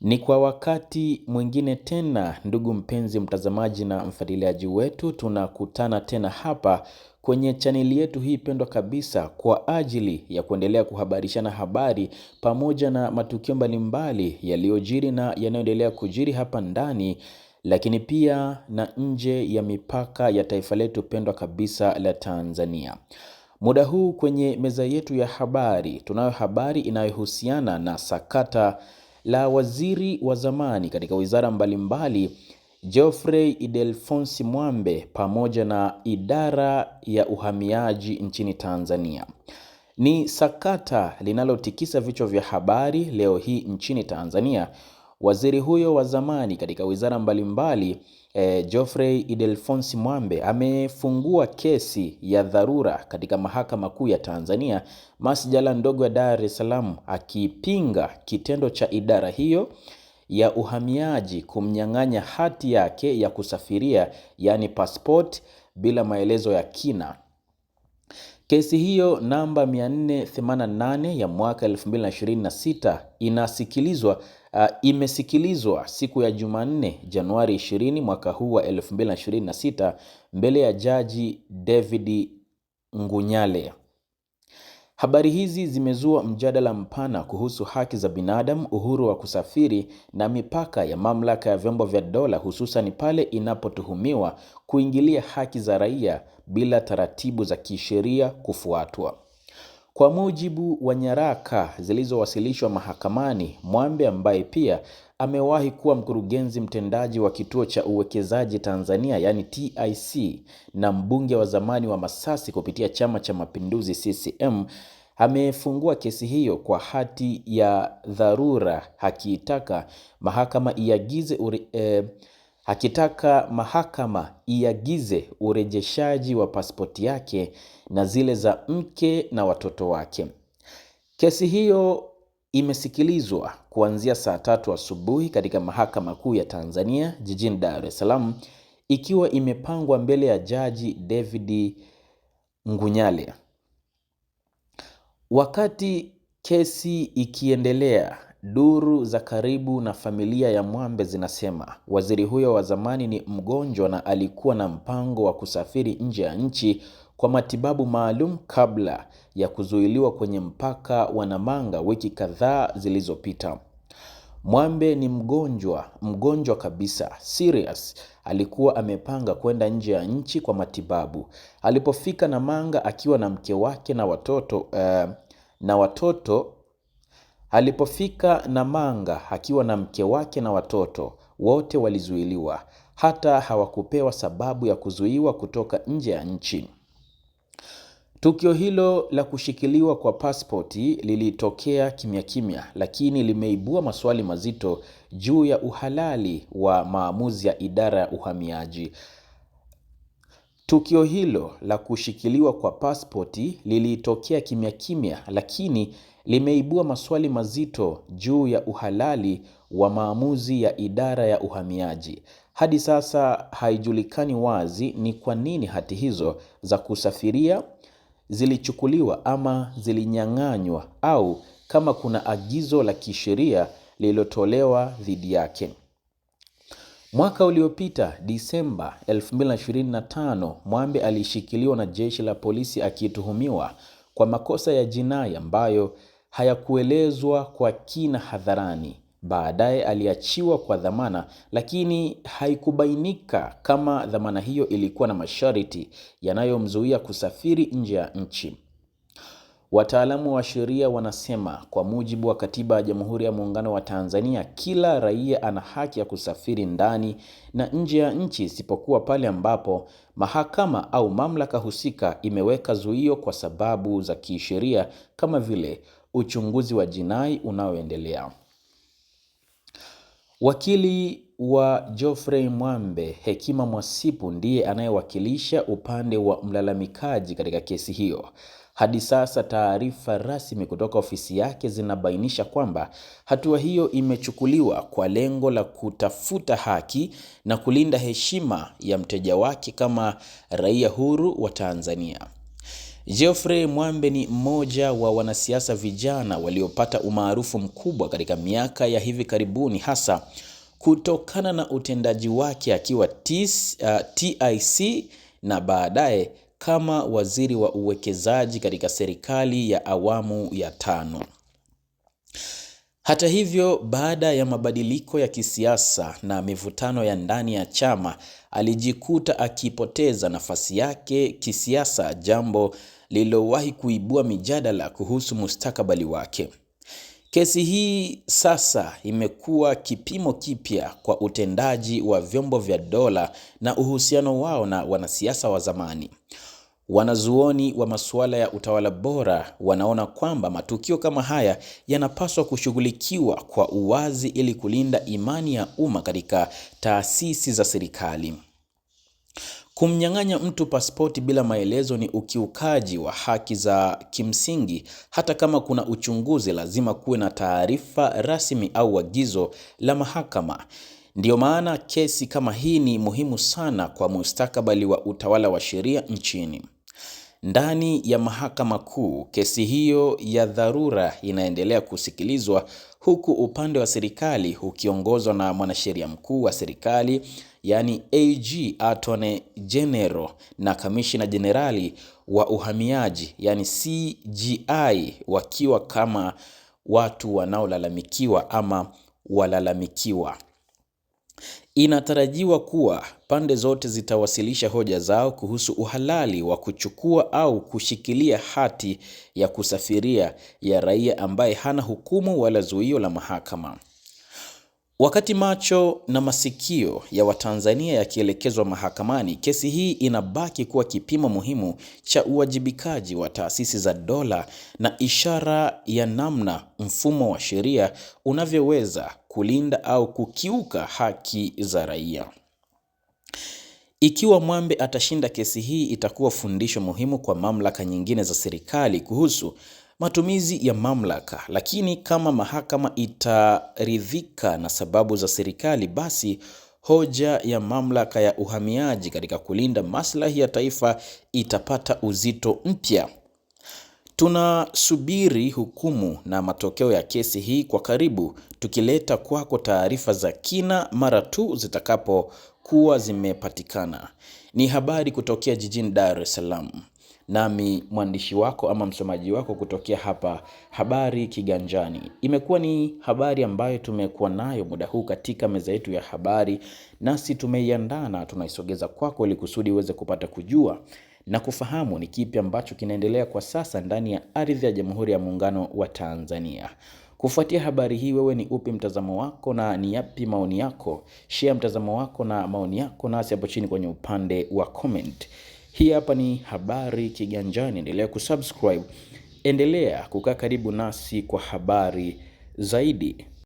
Ni kwa wakati mwingine tena, ndugu mpenzi mtazamaji na mfuatiliaji wetu, tunakutana tena hapa kwenye chaneli yetu hii pendwa kabisa kwa ajili ya kuendelea kuhabarishana habari pamoja na matukio mbalimbali yaliyojiri na yanayoendelea kujiri hapa ndani lakini pia na nje ya mipaka ya taifa letu pendwa kabisa la Tanzania. Muda huu kwenye meza yetu ya habari tunayo habari inayohusiana na sakata la waziri wa zamani katika wizara mbalimbali Geoffrey Idelfonsi Mwambe pamoja na idara ya uhamiaji nchini Tanzania. Ni sakata linalotikisa vichwa vya habari leo hii nchini Tanzania Waziri huyo wa zamani katika wizara mbalimbali e, Geoffrey Idelfonsi Mwambe amefungua kesi ya dharura katika Mahakama Kuu ya Tanzania masjala ndogo ya Dar es Salaam akipinga kitendo cha idara hiyo ya uhamiaji kumnyang'anya hati yake ya kusafiria yaani passport bila maelezo ya kina. Kesi hiyo namba 488 ya mwaka 2026 inasikilizwa uh, imesikilizwa siku ya Jumanne Januari 20 mwaka huu wa 2026 mbele ya Jaji David Ngunyale. Habari hizi zimezua mjadala mpana kuhusu haki za binadamu, uhuru wa kusafiri na mipaka ya mamlaka ya vyombo vya dola hususan pale inapotuhumiwa kuingilia haki za raia bila taratibu za kisheria kufuatwa. Kwa mujibu wa nyaraka zilizowasilishwa mahakamani, Mwambe ambaye pia amewahi kuwa mkurugenzi mtendaji wa kituo cha uwekezaji Tanzania yani TIC na mbunge wa zamani wa Masasi kupitia Chama cha Mapinduzi CCM amefungua kesi hiyo kwa hati ya dharura hakitaka mahakama iagize uri, eh, hakitaka mahakama iagize urejeshaji wa pasipoti yake na zile za mke na watoto wake. Kesi hiyo imesikilizwa kuanzia saa tatu asubuhi katika Mahakama Kuu ya Tanzania jijini Dar es Salaam ikiwa imepangwa mbele ya Jaji David Ngunyale. Wakati kesi ikiendelea, duru za karibu na familia ya Mwambe zinasema waziri huyo wa zamani ni mgonjwa na alikuwa na mpango wa kusafiri nje ya nchi kwa matibabu maalum kabla ya kuzuiliwa kwenye mpaka wa Namanga wiki kadhaa zilizopita. Mwambe ni mgonjwa, mgonjwa kabisa, serious. Alikuwa amepanga kwenda nje ya nchi kwa matibabu. Alipofika Namanga akiwa na mke wake na watoto uh, na watoto alipofika Namanga akiwa na mke wake na watoto wote walizuiliwa, hata hawakupewa sababu ya kuzuiwa kutoka nje ya nchi. Tukio hilo la kushikiliwa kwa pasipoti lilitokea kimya kimya, lakini limeibua maswali mazito juu ya uhalali wa maamuzi ya idara ya uhamiaji. Tukio hilo la kushikiliwa kwa pasipoti lilitokea kimya kimya, lakini limeibua maswali mazito juu ya uhalali wa maamuzi ya idara ya uhamiaji. Hadi sasa haijulikani wazi ni kwa nini hati hizo za kusafiria zilichukuliwa ama zilinyang'anywa au kama kuna agizo la kisheria lililotolewa dhidi yake. Mwaka uliopita Disemba 2025, Mwambe alishikiliwa na jeshi la polisi akituhumiwa kwa makosa ya jinai ambayo hayakuelezwa kwa kina hadharani. Baadaye aliachiwa kwa dhamana, lakini haikubainika kama dhamana hiyo ilikuwa na masharti yanayomzuia kusafiri nje ya nchi. Wataalamu wa sheria wanasema kwa mujibu wa Katiba ya Jamhuri ya Muungano wa Tanzania, kila raia ana haki ya kusafiri ndani na nje ya nchi isipokuwa pale ambapo mahakama au mamlaka husika imeweka zuio kwa sababu za kisheria kama vile uchunguzi wa jinai unaoendelea. Wakili wa Geoffrey Mwambe Hekima Mwasipu ndiye anayewakilisha upande wa mlalamikaji katika kesi hiyo. Hadi sasa taarifa rasmi kutoka ofisi yake zinabainisha kwamba hatua hiyo imechukuliwa kwa lengo la kutafuta haki na kulinda heshima ya mteja wake kama raia huru wa Tanzania. Geoffrey Mwambe ni mmoja wa wanasiasa vijana waliopata umaarufu mkubwa katika miaka ya hivi karibuni hasa kutokana na utendaji wake akiwa uh, TIC na baadaye kama waziri wa uwekezaji katika serikali ya awamu ya tano. Hata hivyo, baada ya mabadiliko ya kisiasa na mivutano ya ndani ya chama, alijikuta akipoteza nafasi yake kisiasa, jambo lililowahi kuibua mijadala kuhusu mustakabali wake. Kesi hii sasa imekuwa kipimo kipya kwa utendaji wa vyombo vya dola na uhusiano wao na wanasiasa wa zamani. Wanazuoni wa masuala ya utawala bora wanaona kwamba matukio kama haya yanapaswa kushughulikiwa kwa uwazi ili kulinda imani ya umma katika taasisi za serikali. Kumnyang'anya mtu pasipoti bila maelezo ni ukiukaji wa haki za kimsingi. Hata kama kuna uchunguzi, lazima kuwe na taarifa rasmi au agizo la mahakama. Ndiyo maana kesi kama hii ni muhimu sana kwa mustakabali wa utawala wa sheria nchini. Ndani ya Mahakama Kuu, kesi hiyo ya dharura inaendelea kusikilizwa huku upande wa serikali ukiongozwa na mwanasheria mkuu wa serikali yani AG Attorney General na kamishina jenerali wa uhamiaji yani CGI wakiwa kama watu wanaolalamikiwa ama walalamikiwa. Inatarajiwa kuwa pande zote zitawasilisha hoja zao kuhusu uhalali wa kuchukua au kushikilia hati ya kusafiria ya raia ambaye hana hukumu wala zuio la mahakama. Wakati macho na masikio ya Watanzania yakielekezwa mahakamani, kesi hii inabaki kuwa kipimo muhimu cha uwajibikaji wa taasisi za dola na ishara ya namna mfumo wa sheria unavyoweza kulinda au kukiuka haki za raia. Ikiwa Mwambe atashinda kesi hii, itakuwa fundisho muhimu kwa mamlaka nyingine za serikali kuhusu matumizi ya mamlaka. Lakini kama mahakama itaridhika na sababu za serikali, basi hoja ya mamlaka ya uhamiaji katika kulinda maslahi ya taifa itapata uzito mpya. Tunasubiri hukumu na matokeo ya kesi hii kwa karibu, tukileta kwako taarifa za kina mara tu zitakapokuwa zimepatikana. Ni habari kutokea jijini Dar es Salaam, nami mwandishi wako ama msomaji wako kutokea hapa Habari Kiganjani. Imekuwa ni habari ambayo tumekuwa nayo muda huu katika meza yetu ya habari, nasi tumeiandaa na tunaisogeza kwako ili kusudi uweze kupata kujua na kufahamu ni kipi ambacho kinaendelea kwa sasa ndani ya ardhi ya Jamhuri ya Muungano wa Tanzania. Kufuatia habari hii, wewe ni upi mtazamo wako na ni yapi maoni yako? Share mtazamo wako na maoni yako nasi hapo chini kwenye upande wa comment. Hii hapa ni Habari Kiganjani. Endelea kusubscribe, endelea kukaa karibu nasi kwa habari zaidi.